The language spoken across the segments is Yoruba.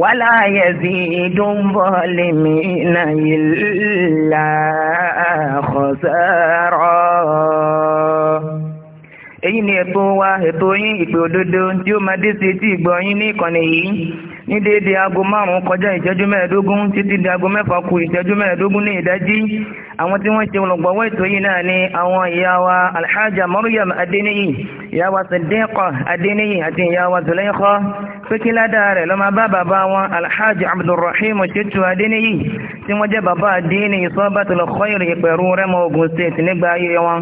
wàlá yẹ̀zí ìdúnbọ̀lì mi náà ìlà àkọsẹ́rọ̀. èyí ni ètò wa ètò yín ìpè òdodo tí ó máa dé sí etí ìgbọ́ yín ní ìkànnì yìí ní déédéé aago márùn-ún kọjá ìṣẹ́jú mẹ́ẹ̀ẹ́dógún títí di aago mẹ́fà kù ìṣẹ́jú mẹ́ẹ̀ẹ́dógún ní ìdájí àwọn tí wọ́n ṣe olùgbọ̀wọ́ ètò yìí náà ni àwọn ìyá wa alhaja maryam adeniyi ìyá wa sadiqa adeniyi àti ìyá wa zulaikha pékíládà rẹ̀ ló máa bá bàbá wọn alhaji abdulrahim shitu adeniyi tí wọ́n jẹ́ bàbá adini isobatul khoir ìpẹ̀rú rẹ́mọ ogun state nígbà ayé wọn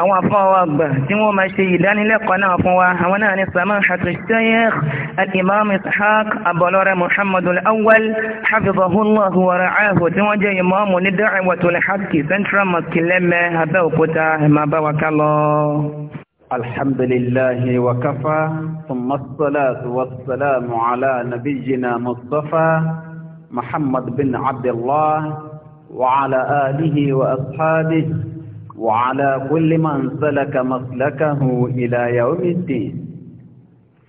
àwọn afọ́wọ́ àgbà tí wọ́n máa ṣe ìdánilẹ́kọ̀ọ́ náà fún wa àwọn náà ni samahatu sheikh al-imam ishaq abọlọ́rẹ́ muhammadu al-awwal hafizahullahu wa ra'ahu tí wọ́n jẹ́ imamu ní da'watul haqq ki central mosque lẹ́mẹ́ abẹ́òkúta ẹ máa bá wákà lọ. alhamdulilahi wa kafa thumma salatu wa salamu ala nabiyyina mustafa muhammad bin abdullah wa ala alihi wa ashabihi wa ala kulli man salaka maslakahu ila yawmi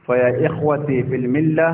fa ya ikhwati fil millah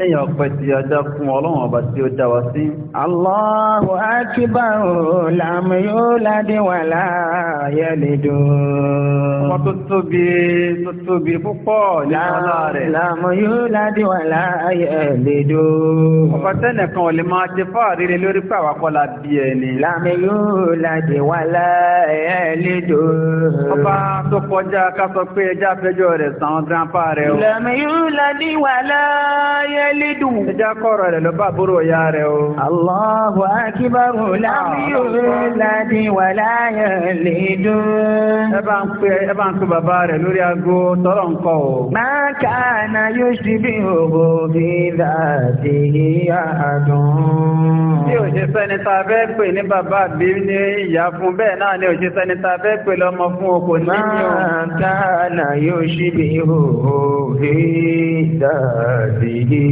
Kéèyàn ọpẹ́ ti ọjá fún ọlọ́run ọba tí ó dá wa sí. Allahu akbar lam yulad wa la yalid. Ọmọ tó tóbi tó tóbi púpọ̀ ní ọlá rẹ̀. Lam yulad wa la yalid. Ọba tẹ́nìkan ò lè máa jẹ fáàrí rẹ lórí pé àwàkọ́ la bí ẹni. Lam yulad wa la yalid. Ọba tó kọjá ká sọ pé ẹjá fẹjọ́ rẹ̀ sàn grandpa rẹ̀ o. Lam yulad wa la yalid wálídù. ẹ jẹ́ kọ́rọ̀ rẹ̀ lọ bá àbúrò ìyá rẹ̀ o. Allahu akbar láwùjọ láti wà láyà lè ẹ bá ń pè ẹ bá ń pè bàbá rẹ̀ lórí aago tọ́lọ̀ ń o. máa kà yóò ṣì bí òbò bí láti àádùn. bí ò ṣe sẹ́ni tá a fẹ́ pè ní bàbá bí ní ìyá fún bẹ́ẹ̀ náà ni ò ṣe sẹ́ni tá a fẹ́ pè lọ́mọ fún okò ní ìyá. máa kà náà yóò ṣì bí òbò bí láti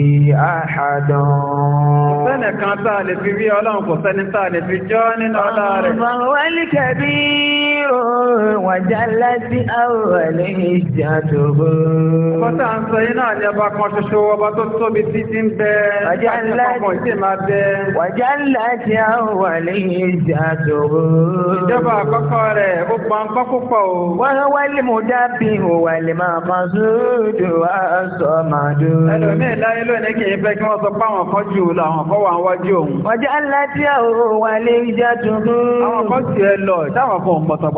àhàdàn. Sẹ́nì kan táà lè fi rí ọlọ́run kò sẹ́ni táà lè fi jọ́ nínú ọlá rẹ̀. Ọ̀rọ̀ wọlé kẹ̀bí kẹ́sìrò wàjá láti àwọ̀lẹ́ ìjàdùgbò. Ọkọ̀tà ń sọ iná ni ọba kan ṣoṣo ọba tó tóbi títí ń bẹ láti pọ̀pọ̀ ìsì máa bẹ. Wàjá láti àwọ̀lẹ́ ìjàdùgbò. Ìjọba àkọ́kọ́ rẹ̀ ó pa ń kọ́ púpọ̀ o. Wọ́n wá lè mú dábì òwà lè máa kan sódò wá sọ máa dùn. Ẹlòmíì láyé lónìí kì í fẹ́ kí wọ́n sọ pé àwọn kan jù lọ kan wà wájú òun. Wàjá láti àwọ̀lẹ́ ìjàdùgbò. Àwọn kan ti ẹ lọ táwọn kan ò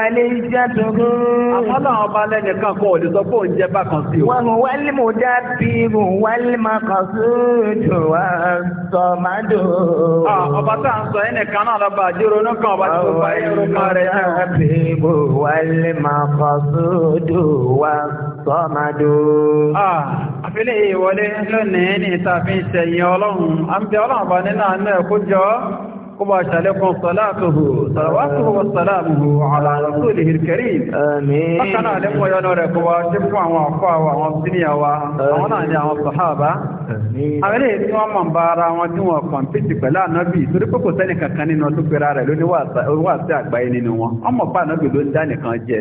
wálé jẹ́ tógó. Àmọ́lá ọba lẹ́nu kan kọ́ òde sọ pé òun jẹ́ bákan sí o. Wọ́n mú wálé mo dá bí mo wálé máa kàn sí òjò wá sọ máa dò. Ọba tá à ń sọ ẹnì kan náà lọ́ba àjẹrò ní kan ọba tí ó bá irun kan rẹ̀ náà. Wọ́n mú bí máa kàn sí òjò wá sọ máa dò. Àfilẹ̀ ìwọlé lónìí ní ìta fi ọlọ́run. À ń bẹ ọlọ́run bá nínú àánú ẹ̀kú jọ. كما شالكم صلاته صلواته وسلامه على رسوله الكريم آمين فكان عليكم يا نور كما شفوا وعفوا وعمسنيا وعنا يا الصحابة àwọn èyí tí wọ́n mọ̀ bá ara wọn tí wọ́n kọ̀mpítì pẹ̀lú ànábì torí pé kò sẹ́nì kankan nínú ọdún pẹ̀lú ara ló ní wàásù àgbáyé nínú wọn ọmọ bá ànábì ló ń dá nìkan jẹ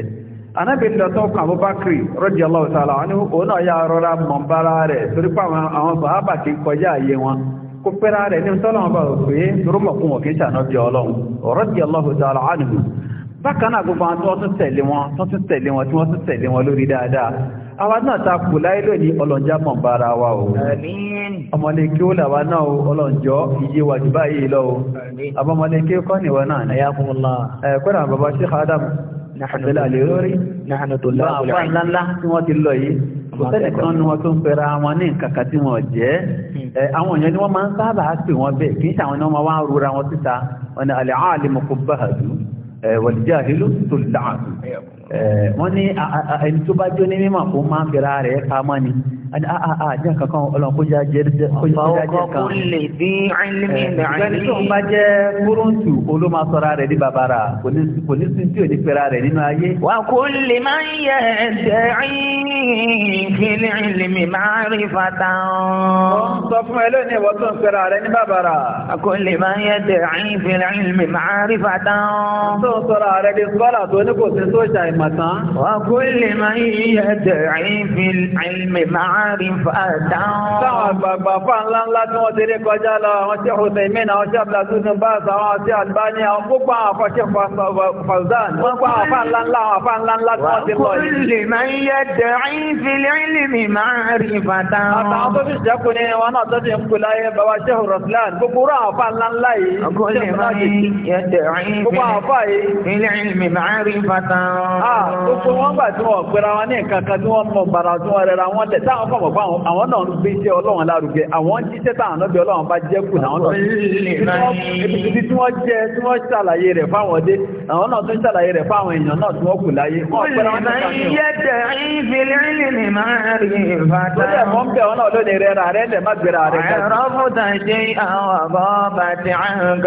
ànábì lọ́tọ́ kan abúbákiri rọ́dí ọlọ́ọ̀tà àwọn òun náà yà rọra mọ̀ bá ara rẹ̀ torí pé àwọn sọ̀hábà kì í kọjá àyè wọn kò pẹ́ra rẹ̀ ní tọ́lọ́wọ́n bá pé rọ́mọ̀kún òkèṣà náà bí ọlọ́run radiyallahu ta'ala anhu bákan náà gbogbo àwọn tó tún tẹ̀lé wọn tó tún tẹ̀lé wọn tí wọ́n tún tẹ̀lé wọn lórí dáadáa àwa náà ta kù láyé lónìí ọlọ́njá mọ̀ bára wa o ọmọlẹ́kẹ́ ó làwa náà o ọlọ́njọ́ iye wà jù báyìí lọ o àbọ̀mọlẹ́kẹ́ kọ́ níwọ̀ náà ẹ̀kọ́nà bàbá Sheikh Adam àbẹ̀lẹ̀ àlè lórí kò sẹ́nì kan ní wọn tó ń pẹ̀rẹ̀ àwọn ní kàkà tí wọ́n jẹ́ àwọn èèyàn ni wọ́n máa ń sábà pè wọ́n bẹ́ẹ̀ kì í ni wọ́n máa wá ń rora wọn síta ọ̀nà àlẹ́ àlìmọ̀ kò bá àdú wọ̀lìjẹ́ àhílù tó làásù wọ́n ní ẹni tó bá jó mímọ̀ kó máa ń pẹ̀rẹ̀ rẹ̀ pamọ́ ni ani a ah, a ah, a ah, jẹ́ kankan ọlọ́run kó jẹ́ jẹ́ jẹ́ kan. ọkọ̀ kò lè dín ẹlẹ́mì ìdájọ́. ẹni tó ń bá jẹ́ kúrúntù olóma sọ́ra rẹ̀ ní babara kò ní sí tí ò ní pera rẹ̀ nínú ayé. wà á kó lè máa ń yẹ ẹsẹ̀ ìfìlẹ̀ ẹlẹ́mì máa rí fata. ó ń sọ fún ẹ lónìí ìwọ tó ń pera rẹ̀ ní babara. wà á kó lè máa ń yẹ ẹsẹ̀ ìfìlẹ̀ ẹlẹ́mì máa rí fata. tó ń sọ̀rọ̀ rẹ̀ di sọ́là tó ní kò sí ma'rifatan. Táwọn àgbààgbà fáà ńlá ńlá tí wọ́n ti rí kọjá lọ, àwọn tí Husaymin, àwọn tí Abdulaziz Baz, àwọn tí Albani, àwọn gbogbo àwọn afọ tí wọ́n gbọ́ àwọn fáà ńlá ńlá, àwọn fáà ńlá tí wọ́n ti lọ man yadda'i fil ilmi kọ̀mọ̀ fún àwọn náà ń gbé iṣẹ́ ọlọ́run lárugẹ àwọn jíṣẹ́ táwọn náà bí ọlọ́run bá jẹ́ kù náà lọ ibi tí wọ́n jẹ́ tí wọ́n ṣàlàyé rẹ̀ fáwọn ọdẹ àwọn náà tún ṣàlàyé rẹ̀ fáwọn èèyàn náà tí wọ́n kù láyé wọ́n pẹ́ra wọn ní ṣàkíyàn. Àrọ̀bùdá jẹ́ ìhàwọ̀ bọ́ bá ti àrùn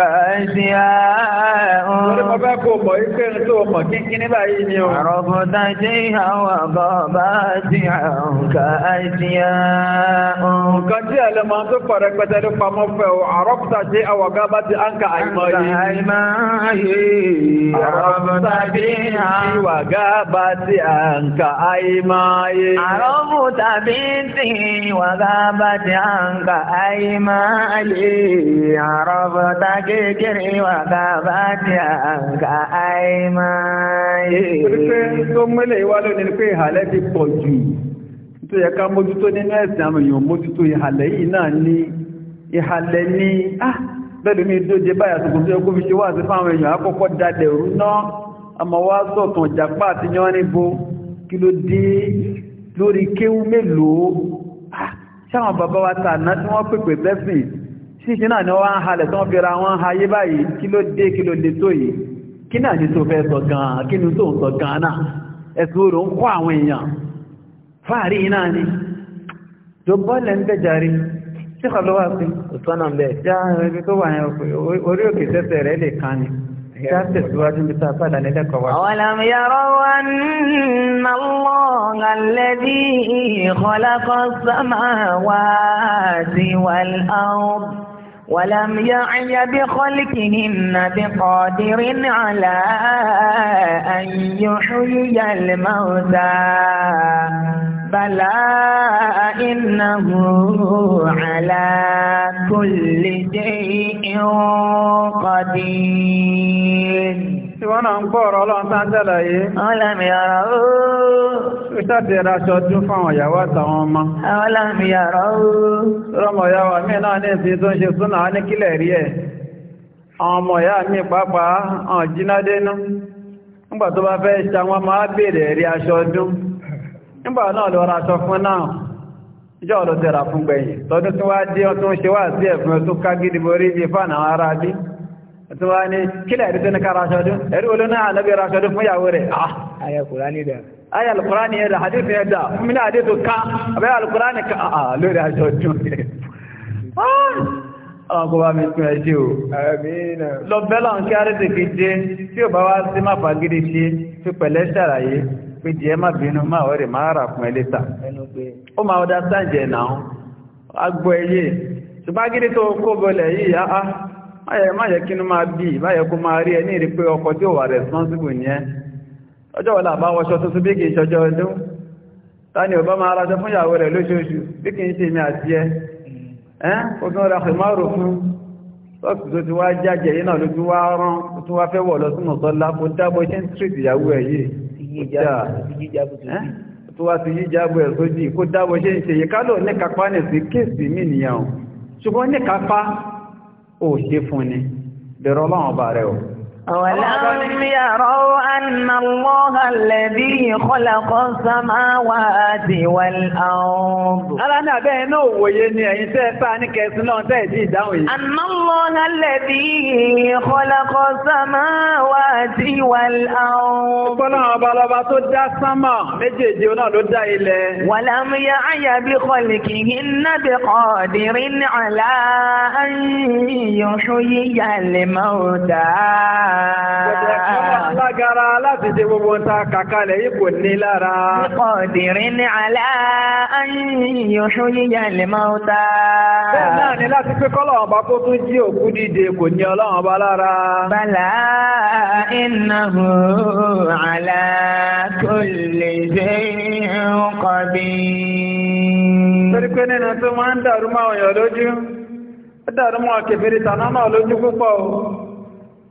ká àìsí nǹkan tí ẹ̀lẹ́ máa tó pọ̀ rẹpẹtẹ ló pamọ́ fẹ́ o àrọ́pùtà tí àwọ̀gá bá ti áǹkà àìmọ́ yìí àrọ́pùtà tí àwọ̀gá bá ti áǹkà àìmọ́ yìí àrọ́pùtà tí àwọ̀gá bá ti áǹkà àìmọ́ yìí àrọ́pùtà kékeré àwọ̀gá bá ti áǹkà àìmọ́ yìí. pé tó mẹ́lẹ̀ ìwálò ní pé ìhàlẹ́ ti pọ̀ jù tó yẹ ká mójútó nínú ẹ̀sìn àwọn èèyàn mójútó ìhàlẹ̀ yìí náà ní ìhàlẹ̀ ní ah bẹ́ẹ̀lú mi dóje báyà tó kùn tó yẹ kó fi ṣe wá sí fáwọn èèyàn àkọ́kọ́ dalẹ̀ òru náà àmọ́ wá sọ̀tàn jàpá àti yan níbo kí ló dé lórí kéwú mélòó sáwọn ah, bàbá wa tà náà tí wọ́n pèpè lẹ́sìn ṣíṣe náà ni wọ́n ń halẹ̀ tí wọ́n fi ra wọn ayé báyìí kí ló dé kí ló lè tó yìí kí náà ní tó fẹ́ sọ gan-an kí ni tó ń sọ gan-an náà ẹ̀sùn òòrùn ń kọ́ àwọn èèyàn fáàrí iná ni jọbọ́lẹ̀ ń tẹ́jàrí tí kọlọ́wà sí òsánà lẹ̀ já ibi tó wà yẹn orí òkè tẹ́sẹ̀ rẹ̀ lè kan ni já tẹ̀síwájú bí sáà padà nílẹ̀kọ̀ wá. أولم يروا أن الله الذي خلق السماوات والأرض ولم يعي بخلقهن بقادر على أن يحيي الموتى بلى إنه على كل شيء قدير tí wọ́n náà ń gbọ́ ọ̀rọ̀ ọlọ́run tán jẹ́làyé ọlọ́mìyàrá oó ìṣàtì ìraṣọ ọdún fáwọn ìyàwó àtàwọn ọmọ mi náà ní ìsìn tó ń ṣe súnà ní kílẹ̀ rí ẹ̀ àwọn ọmọ ìyá mi pàápàá hàn nígbà tó bá fẹ́ ya wọ́n ní kílẹ̀ ẹ̀rí tẹ́ni ra aṣọ́dún fún ìyàwó rẹ̀ ayà kùránì dà ayà alkùránì ẹ̀dà àdífẹ́ ẹ̀dà fún mi náà àdífẹ́ ká àbẹ́ alkùránì ká lórí ah ọkọ̀ bá mi tún ji o. lọ bẹ́lá ń kí arẹ́sì fi jẹ́ tí ò bá ma ma ma máyẹ̀ kí ní máa bí ma kó máa rí ẹni rí pé ọkọ̀ tí ó wà responsible ní ọjọ́ wọ́n làbá wọ́ṣọ́ tó tún bí kìí ṣọjọ́ ọdún tani ọba máa rájọ fún ìyàwó rẹ̀ lóṣooṣù bí kìí ṣe mi àti ẹ ẹ́n kò tún ra ṣèmárò fún tó ti wá yìí náà ló ti wọ̀ lọ sínú dábọ̀ ń tírìtì ìyàwó ẹ̀ yìí tó wá ẹ̀ sójì kó dábọ̀ ó ṣe fún ni bẹ̀rọ ọlọ́run ọba rẹ̀ o أولم يروا أن الله الذي خلق السماوات والأرض أنا بين ويني أنت فانك سنون تأتي داوي أن الله الذي خلق السماوات والأرض فلا بلا تدى السماء مجيجي ولا إليه ولم يعي بخلقهن بقادر على أن يحيي الموتى Lágara láti ṣe gbogbo ta kàkalẹ̀ yìí kò ní lára. Ọ̀dìrín ní àlá ayíyàn ṣúyíyà lè máa ta. Bẹ́ẹ̀ náà ni láti pé kọ́lọ̀ ọba kó tún jí òkú dìde kò ní ọlọ́run ọba lára. Bàlá innahu àlá kulli shay'in qadir. Torí pé nínú tó máa ń dàrú máa ọ̀yàn lójú, ó dàrú máa kèfèrè náà lójú púpọ̀ o.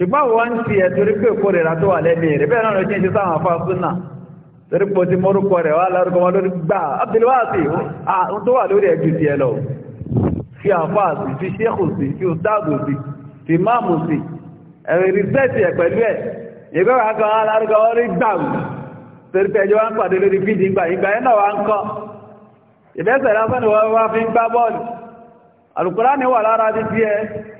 ṣùgbọ́n wọ́n ń ti ẹ̀torí pé kó rẹ̀ tó wà lẹ́mí rẹ̀ bẹ́ẹ̀ náà rẹ̀ ṣe sáwọn afá súnà torí pò ti mọ́rúkọ rẹ̀ wá lárúkọ wọn lórí gbà abdulwasi ohun tó wà lórí ẹ̀jú ti ẹ lọ fi àfá sí fi ṣéhù sí fi òtáàbò sí fi máàmù sí ẹ̀rẹ̀ rìsẹ́ẹ̀tì ẹ̀ pẹ̀lú ẹ̀ ìgbẹ́ wà kan lárúkọ wọn rí gbà torí pé ẹjọ́ wá ń pàdé lórí fídì ìgbà ìgbà yẹn náà wá ń kọ́ ìbẹ́sẹ̀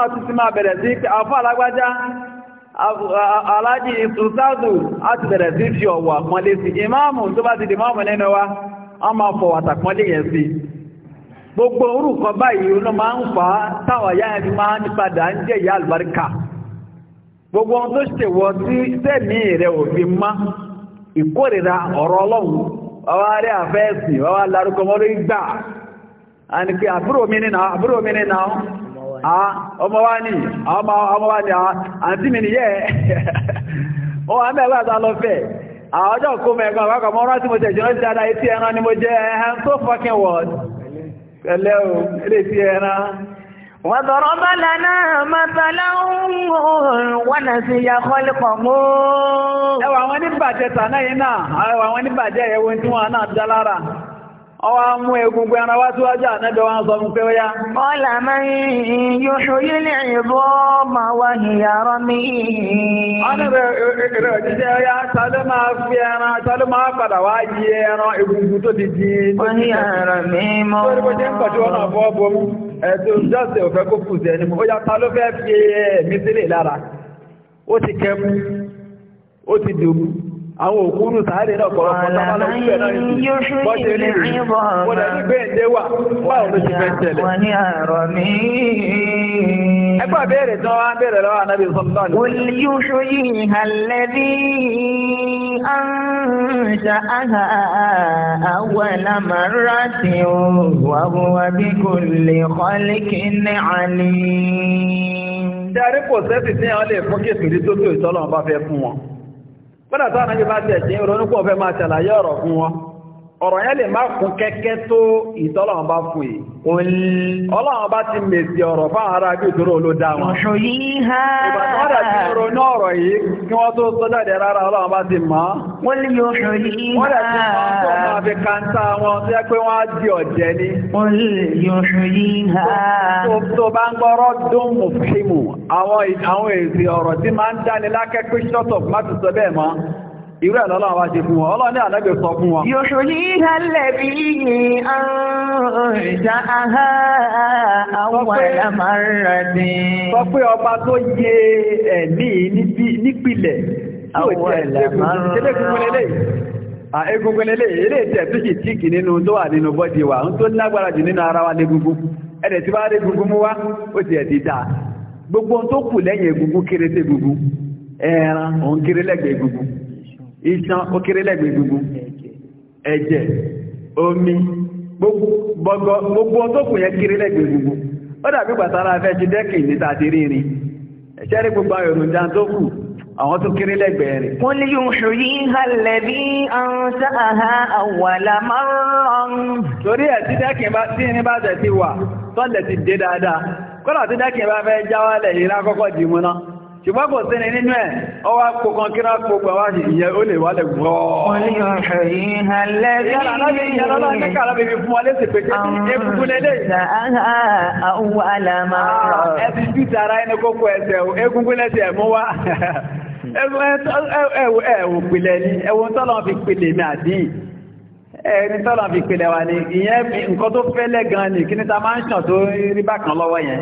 náà tún ma máa bẹ̀rẹ̀ afọ àfá alágbájá aláàjì ìtùsáàdù láti bẹ̀rẹ̀ si fi ọ̀wọ̀ àpọ́nlé sí ìmáàmù tó bá ti di máàmù nínú wa a máa fọ̀wọ̀ àtàpọ́nlé yẹn sí gbogbo orúkọ báyìí ló máa ń fà á táwọn ya fi máa ń padà ń jẹ́ si àlùbáríkà gbogbo ohun tó ṣèwọ sí sẹ́mi rẹ̀ òfin má ìkórìíra ọ̀rọ̀ ọlọ́run ọwọ́ arí àfẹ́ẹ̀sì ọwọ́ alárúkọ mọ́lórí gbà á ní pé àbúrò mi nínú Ah, ọmọ wá ah, àti mi nìyẹ́ ó wà mẹ́gbà lọ fẹ́ ah, ọjọ́ kó mẹ́gbà wákọ̀ mọ́ rántí mo tẹ̀jọ́ jẹ́ dáadáa etí ẹran ni mo jẹ́ ẹ̀hẹ́n tó pẹ̀lẹ́ o ẹwà wọn ní bàjẹ́ náà ẹwà wọn ní bàjẹ́ tí náà ọwa mú egungun ẹran wá síwájú ànẹ́bẹ̀ wọn sọ fún pé ó yá. Ọlà máa yóò ṣòyí lè ma wá ìyàrá mi. Ọlọ́rẹ̀ rẹ̀ òjíṣẹ́ ó yá, ta ló máa fi ẹran, ta ló máa padà di. àwọn òkúrù sáré náà kọ̀rọ̀kọ̀ lábálọ́ ìgbẹ̀ náà ìsìn bọ́ṣe rí rí wọ́n ní gbé ǹdé wà báwọn ló ti fẹ́ tẹ̀lẹ̀. ẹgbà bẹ̀rẹ̀ tán wá bẹ̀rẹ̀ lọ́wọ́ anábì sọ́tọ́ ni. wọ́n yóò ṣoyí ìhàlẹ́bí àǹṣà àhà àwọ̀lá màrà tí ó wà wà bí kò Bọ́dà tó ànájú bá tẹ̀ sí ìrònúpọ̀ fẹ́ máa tẹ̀lá yọ̀rọ̀ fún wọn ọ̀rọ̀ yẹn lè má kún kẹ́kẹ́ tó ìtọ́lọ́wọ́n bá fún yìí. ọlọ́wọ́n bá ti mèsì ọ̀rọ̀ fáwọn ará bí ìdúró ló dá wọn. ọ̀ṣọ́ yìí ha. ìbàdàn rẹ̀ ti ronú ọ̀rọ̀ yìí kí wọ́n tó sọ jáde rárá ọlọ́wọ́n bá ti mọ̀ ọ́. wọ́n lè yọ ọ̀ṣọ́ yìí ha. wọ́n lè ti mọ̀ ọ́ tó máa fi kanta wọn tó yẹ irú ẹ̀ lọ́lọ́wọ́ wá ṣe fún wọn ọlọ́ni ànábì sọ fún wọn. yóò ṣòyí halẹ̀ bí i ọ̀rìnṣà àhá àwọn àmàràdì. sọ pé ọba tó yẹ ẹ̀mí nípìlẹ̀ egungun lele ilé ìtẹ̀ tó sì nínú tó wà nínú wa tó lágbára jù nínú ara wa tí bá rí mú wá ó ti ẹ̀ iṣan ó kéré gbogbo ẹ̀jẹ̀ omi gbogbo tó kù yẹn kéré lẹ́gbẹ̀ gbogbo ó dàbí pàtàrà fẹ́ ti dẹ́kì níta ti rírin ẹ̀ṣẹ́ rí gbogbo èròjà tó kù àwọn tó kéré lẹ́gbẹ̀ẹ́ rẹ̀. kún lè yóò ṣòyí halẹ̀ bí àwọn sáà àwàlà márùn-ún. torí ẹ̀ tí dẹ́kì bá tí ní bá ti wà tọ́lẹ̀ ti dé dáadáa kọ́lá tí dẹ́kì bá fẹ́ jáwálẹ̀ ìlà kọ́kọ́ dìmúná ṣùgbọ́n kò sí ni nínú ẹ̀ ọwá kòkan kíra kògbà wá ní ìyẹ ó lè wà lè gbọ́ ẹ̀wọ̀n ah, tọ́lọ̀ fi pèlè ní àdín ẹni tọ́lọ̀ fi pèlè wà ní ìyẹn nǹkan tó fẹ́lẹ̀ gan ní kí ní ta máa ń ṣàn tó rí bákan lọ́wọ́ yẹn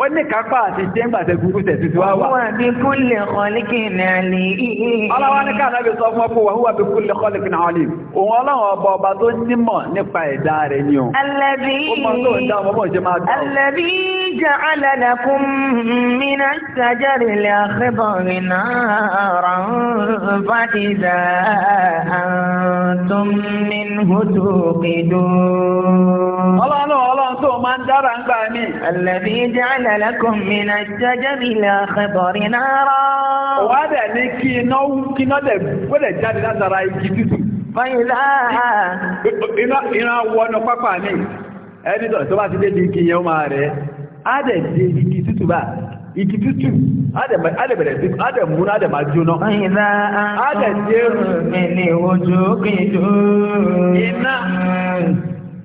ó ní kápá àti ṣe ń gbàtẹ̀ gúrú tẹ̀sí tí wá wà. wà bí kulli khaliqin alim. ọlọ́wọ́ ní ká náà bí sọ fún ọkùnrin wà bí kulli khaliqin alim. òun ọlọ́run ọba ọlọ́run tó máa ń dára ń gbà mí. Alladhi ja'ala lakum mina ash-shajaril akhdari nara. Wà á dẹ̀ ní kí iná kí dẹ̀ gbọ́dẹ̀ jáde látara igi tútù. Fáyọ̀lá. Iná iná wọnú pápá mi. Ẹni tọ̀ tó bá ti dé di igi yẹn máa rẹ̀. Á dẹ̀ di igi tútù bá igi tútù adẹ̀bẹ̀rẹ̀ sí adẹ̀múnú adẹ̀má jóná adẹ̀dẹ̀rù mẹ́lẹ̀ ojú kìí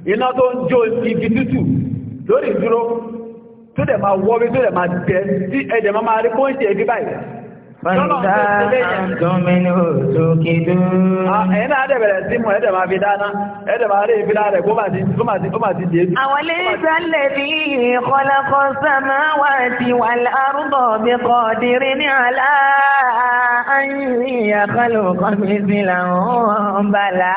iná tó ń jó igi tútù lórí ìdúró tó dẹ̀ máa wọ́ bí tó dẹ̀ máa tẹ́ tí ẹ̀dẹ̀ máa máa rí kó ń ṣe ibi báyìí. Fọ́nìká àtọ́mínú òtòkè dúró. Ẹ̀yin náà dẹ̀bẹ̀rẹ̀ sí يخلق مثلهم بلى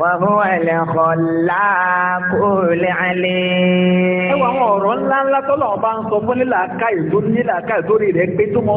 وهو الخلاق العليم ẹwà àwọn ọ̀rọ̀ ńlá ńlá tọ́lọ̀ ọba ń sọ fún nílà káì tó nílà káì tó rí rẹ̀ pé tó mọ́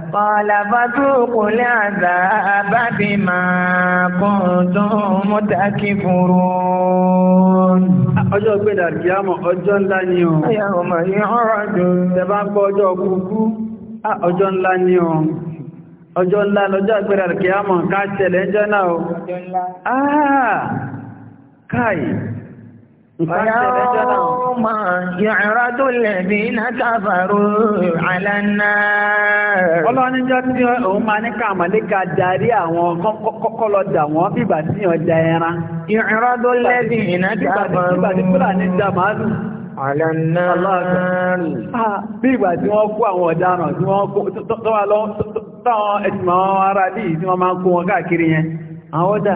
قال فذوقوا العذاب بما كنتم تكفرون ọjọ́ gbẹ̀dà kìyàmọ̀ ọjọ́ ńlá ni ọ̀ ọmọ ìhọ́rọ̀dùn tẹbá gbọ́ ọjọ́ kúkú ọjọ́ ńlá ni ọ̀ ọjọ́ ńlá lọ́jọ́ gbẹ̀dà kìyàmọ̀ káàkiri ẹjọ́ náà Ọjọ́ يوم يعرض الذين كفروا على النار. Ọlọ́run níjọ́ tí òun máa ní kàmàlíkà darí àwọn kọ́kọ́lọ́dà wọn bíbà tí yàn da ẹran. يعرض الذين كفروا. Bíbà tí Fúlàní dà màálù. Àlẹ́ náà. Bí ìgbà tí wọ́n kó àwọn ọ̀daràn tí wọ́n kó tọ́wọ́ ẹ̀sìn àwọn ará bíi tí wọ́n máa ń kó wọn káàkiri yẹn, àwọn ọ̀dà.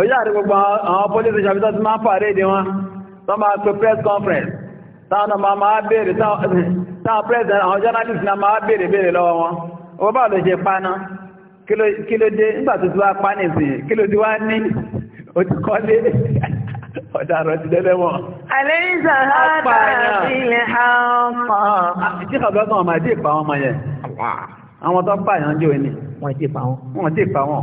ọjọ́ àti gbogbo àwọn polisi ṣàfihàn tí máa ń fàárẹ̀ èdè wọn tó máa pè press conference táwọn ọmọ máa bèèrè táwọn president àwọn journalist náà máa bèèrè bèèrè lọ́wọ́ wọn ọwọ́ bá lè paná kí ló dé nígbà tó ti wá paná ìsìn kí ló ti wá ní òtíkọ́lé ọ̀dàrọ̀ ti lẹ́lẹ́wọ̀n. àlẹ́ ìṣàhádà wọn mọ̀ yẹn àwọn ti pa wọn. wọ́n ti pa wọn.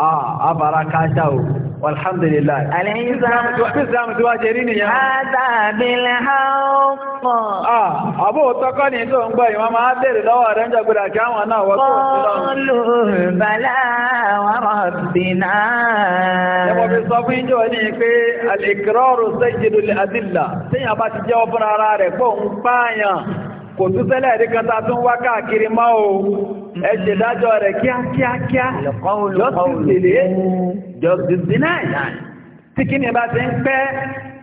Ah, abara káṣá o. Alhamdulillah. Alẹ́yìnsáàmù tí wá ṣe rí nìyàn. Àtàbílẹ̀ àọ́pọ̀. Ah, àbò tọ́kọ́ ní tó ń gbọ́ ìwọ́n máa bèèrè lọ́wọ́ rẹ̀ ń jọgbọ́dà kí àwọn náà wọ́n tó ń lọ. Olùbàlá wọ́rọ̀ bìnà. Ẹmọ fi sọ fún ìjọ ní pé alìkìrọ́rù sẹ́jìdù àdìlà tí yàn bá ti jẹ́ ọbọ̀n ara rẹ̀ pọ̀ ń pààyàn kò tún rí kan tá tún wá káàkiri máa o ẹ ṣe dájọ́ rẹ̀ kíákíákíá justice lè justice deny tí kí ni bá ti ń pẹ́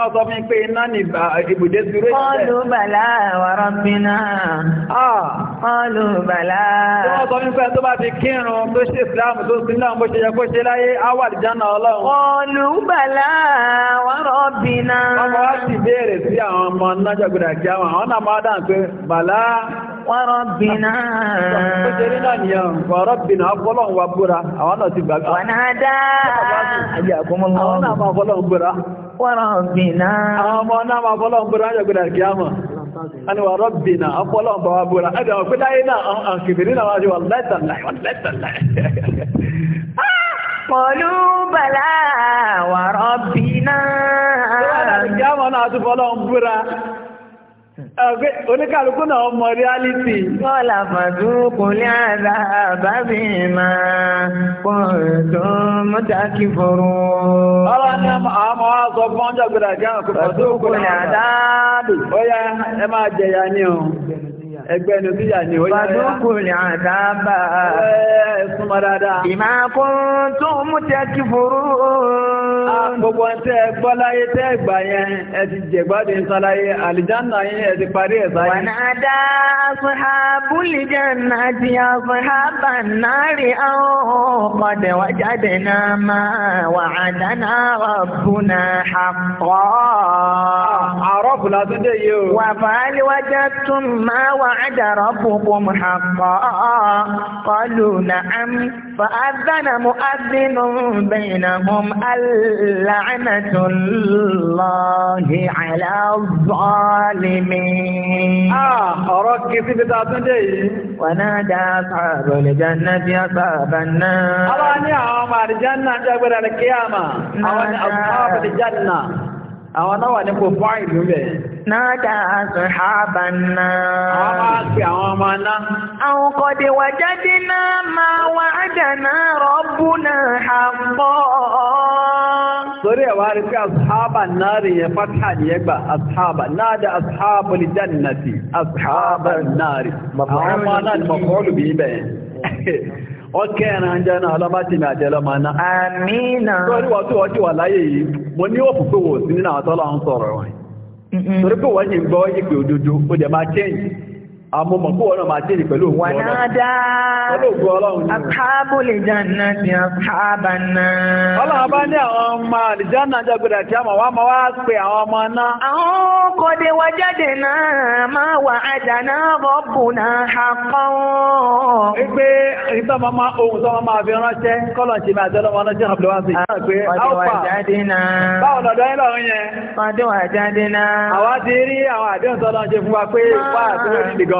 wọ́n sọ fún pé iná ní ibùdé sí rẹ̀. Qalu bala wa rabbina. bala. Wọ́n sọ fún pé tó bá ti kírun tó ṣe ìsìláàmù tó sí náà bó ṣe yẹ kó ṣe láyé áwà ìjánà ọlọ́run. Qalu bala wa rabbina. Wọ́n máa ti béèrè sí àwọn ọmọ náà máa dà bala. Wa wọ́rọ̀bìnà àwọn ọmọ náà máa fọ́lọ́ ọ̀pọ̀lọ́ àjọ̀gbẹ̀rẹ̀ àkíyàmọ̀ aníwà rọ́bìnà ọpọlọ́ ọ̀pọ̀lọ́ búra ẹgbẹ̀rẹ̀ ọ̀pẹ́láyé náà àkìbìrí náà wájú wà lẹ́tàláì wà lẹ́tàláì Pọ̀lú bàlá wà rọ́bìnà. Ìwádàá Ẹgbẹ́ oníkàlùkù náà mọ̀ reality. Kọ́lá fàdúkù ní àdá àbábí máa kọ́ tó mọ́tàkì Ọrụ Ọlọ́ àmọ́ wá sọ fún ọjọ́ gbẹ̀rẹ̀ ẹgbẹ́ ni ó yà ní oyá rẹ̀. Fàdókù ni àdábà. Ẹ̀ẹ́sùn mọ́ dáadáa. Ìmàkùn tó mú tẹ́ kí fòrò. Gbogbo tẹ́ gbọ́ láyé tẹ́ gbà yẹn, ẹ ti jẹ̀gbádùn ìsan láyé, àlìjánà yẹn ẹ ti parí ẹ̀ sáyé. Wànà dá aṣọ́hábùlì jẹ́nà àti aṣọ́hábà náàrí àwọn ọ̀pọ̀dẹ̀ wá jáde náà máa wà àdáná rọ̀bùnà àpọ̀. Àrọ́bùnà tó dé yìí o. Wà fàálíwájá tún máa wà وعد ربكم حقا قالوا نعم فأذن مؤذن بينهم اللعنة الله على الظالمين آه أركي في بتاعتنا دي ونادى أصحاب الجنة أصحاب النار أراني يا عمر الجنة جابر القيامة أراني أصحاب الجنة àwọn náà wà nípò fáìlú rẹ̀. Náàdà àṣùhábà náà. Àwọn máa pè àwọn ọmọ náà. Àwọn kọ̀dé wà jáde náà máa wà ájànà rọ́bù náà àpọ̀. Sórí ẹ̀wà rí pé àṣùhábà náà rí yẹn fátà nìyẹn gbà àṣùhábà. Náàdà àṣùhábà lè jáde náà sí àṣùhábà náà rí. Àwọn ọmọ náà ni mọ̀ ọkẹ́ ẹran jẹ́ náà ọlọ́bátìmì àjẹ́lọ́mà náà. àmìnà torí wọ́n tí wọ́n jí wà láyé yìí mo ní òfin pé wò sí nínú àwọn tọ́lọ́ ń sọ̀rọ̀ wọn torí pé wọ́n yìí gbọ́ ìpè òdodo ó jẹ́ máa change àmọ́mọ̀kú ọ̀nà máa jẹ́ ìpẹ̀lú òun ọ̀nà. Wànádá àkábò lè jànà sí àkábà náà. Ọlọ́run bá ní àwọn ọmọ àlìjánà jọgbẹ̀rẹ̀ tí a máa wá máa wá pé àwọn ọmọ náà. Àwọn kòdè wà jáde náà máa wà tó rí àwọn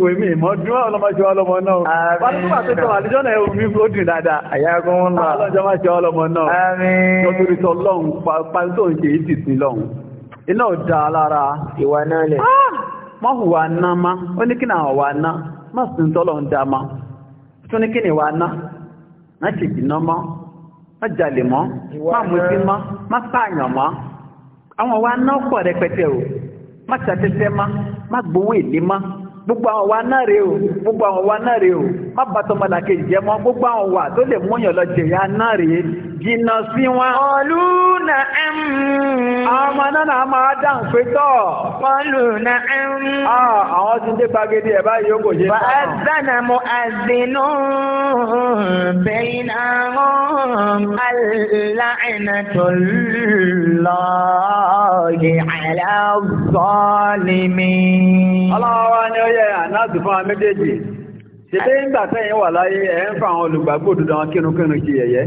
wò mí mọ́ dún ọlọ́mọ náà. wọ́n náà ẹ̀wù mi ó dùn dáadáa. àyàgùn ńlá ọlọ́jọ́ máa ṣe ọlọ́mọ náà. lọ́tòrí sọ lọ́hùn ṣe é lọ́hùn. iná ò da lára. ìwà náà lẹ̀. Ah! má hùwà ná má ó ní kí ni àwọn wà ná má sì ń tọ́lọ̀ ń da má. tún ní kí ni wà ná má má jalè mọ́ má mọ́ má mọ́ àwọn ná pọ̀ rẹpẹtẹ o má ṣàtẹ́tẹ́ má má gbowó má gbogbo àwọn wa náà rèé o gbogbo àwọn wa náà rèé o má bàa tọmọ làkejì jẹ mọ́ gbogbo àwọn wa tó lè múyàn lọ jẹyà náà rèé jìnnà sí wọn. ọlú na ẹ̀mú. Àmà náà a máa dáhùn pé tọ́. Kọlù na ń. Àwọn ti dé gbàgede ẹ̀ báyìí ó kò yé. Wàá sànà mo àzínú bẹ́yìn àwọn aláìnàtòlọ́ọ̀yì aláàbọ̀ọ́lìmí. Ọlọ́wọ́ ni ó yẹ àná fún wa méjèèjì. Ṣèdé ń gbà sẹ́yìn wà láyé ẹ̀ ń fa àwọn olùgbàgbọ́ òdodo àwọn kírun kírun ṣe yẹ̀yẹ́.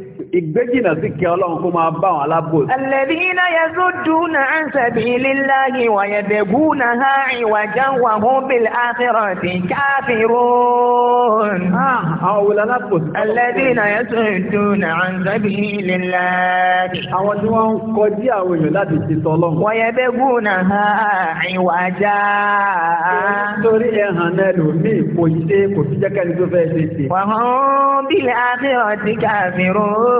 ìgbéjìnà sí kẹ ọlọ́run kó máa bá wọn alábòsí. alladhina yasudduna an sabilillahi wa yabghunaha iwajan wa hum bil akhirati kafirun. Ah, àwọn wòlá alábòsí. alladhina yasudduna an sabilillahi. àwọn tí wọ́n ń kọjí àwọn èèyàn láti ti sọ ọlọ́run. wa yabghunaha iwajan. torí ẹ̀hàn náà lò ní ìpòyí dé kò sí jẹ́kẹ́ni tó fẹ́ ṣe ṣe. wa hum bil akhirati kafirun.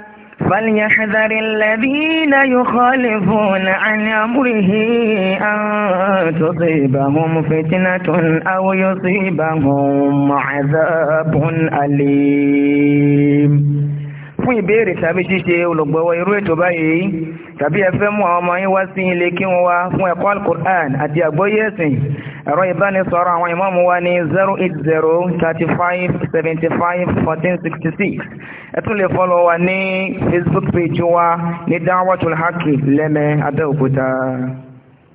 فليحذر الذين يخالفون عن أمره أن تصيبهم فتنة أو يصيبهم عذاب أليم fún ìbéèrè tàbí ṣíṣe olùgbọ́wọ́ irú ètò báyìí tàbí ẹ mú àwọn ọmọ yín sí ilé kí wọ́n wá fún ẹ̀kọ́ al àti àgbọ́yé ẹ̀sìn ẹ̀rọ ìbánisọ̀rọ̀ àwọn ìmáàmù wa ní 08035751466 ẹ tún lè fọ́lọ̀ wa ní Facebook page wa ní Da'watul Haqq lẹ́mẹ́ Abẹ́òkúta